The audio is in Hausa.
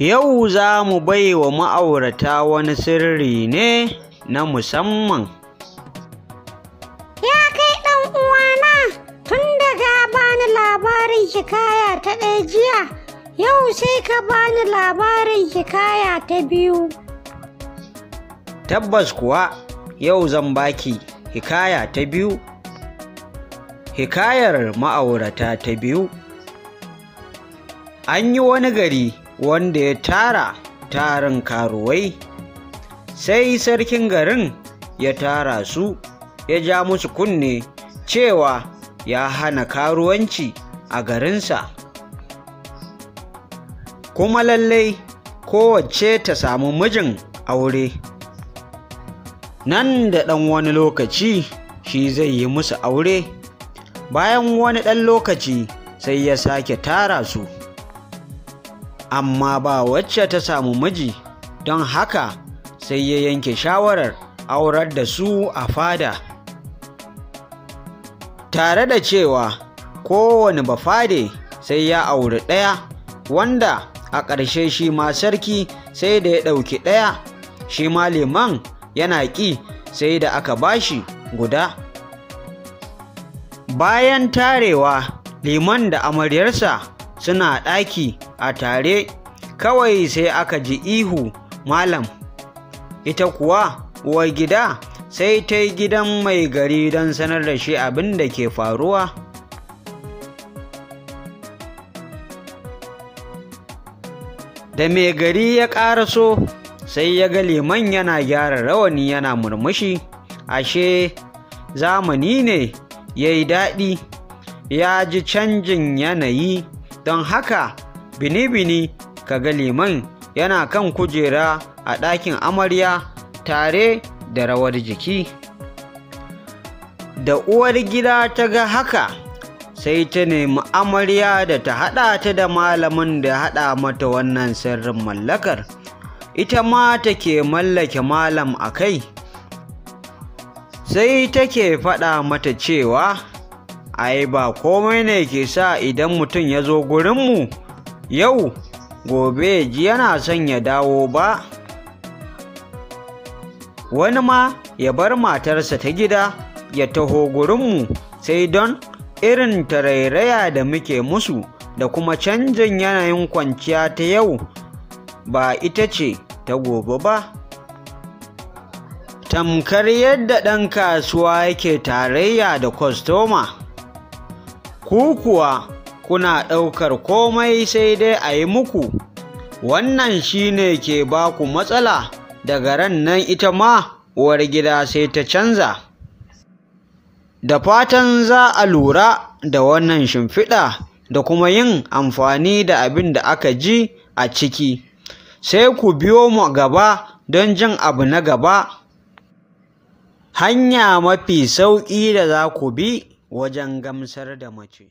Yau za mu bai wa ma'aurata wani sirri ne na musamman. Ya kai ɗan uwana tun daga bani labarin hikaya ta ɗaya jiya, yau sai ka bani labarin hikaya ta biyu. Tabbas kuwa yau zan baki hikaya ta biyu. Hikayar ma'aurata ta biyu. An yi wani gari wanda ya tara tarin karuwai sai sarkin garin ya tara su ya ja musu kunne cewa ya hana karuwanci a garinsa kuma lallai kowace ta samu mijin aure nan da ɗan wani lokaci shi zai yi musu aure bayan wani ɗan lokaci sai ya sake tara su amma ba wacce ta samu miji don haka sai ya yanke shawarar aurar da su a fada tare da cewa kowane bafade sai ya auri ɗaya wanda a ƙarshe shi ma sarki sai da ya ɗauki ɗaya shi ma liman yana ƙi sai da aka bashi guda bayan tarewa liman da amaryarsa suna ɗaki a tare kawai sai aka ji ihu malam ita kuwa uwar gida sai ta yi gidan mai gari don sanar da shi abin da ke faruwa da mai gari ya ƙara so, sai ya ga liman yana gyara rawani yana murmushi ashe zamani ne ya yi daɗi ya ji canjin yanayi don haka bini-bini ka ga liman yana kan kujera a ɗakin amarya tare da rawar jiki da uwar gida ta ga haka sai ta nemi amarya da ta haɗa ta da malamin da haɗa mata wannan sirrin mallakar ita ma take mallake malam a kai sai take faɗa mata cewa ai ba komai ne ke sa idan mutum ya zo gurinmu yau gobe ji yana son ya dawo ba wani ma ya bar matarsa ta gida ya taho gurinmu sai don irin tarairaya da muke musu da kuma canjin yanayin kwanciya ta yau ba ita ce ta gobe ba tamkar yadda ɗan kasuwa yake tarayya da kwastoma ku kuwa kuna ɗaukar komai sai dai a yi muku, wannan shi ne ke ba ku matsala daga ran nan ita ma uwar gida sai ta canza. Da fatan za a lura da wannan shimfiɗa da kuma yin amfani da abin da aka ji a ciki, sai ku biyo mu gaba don jin abu na gaba. Hanya mafi sauƙi da za ku bi wajen gamsar da mace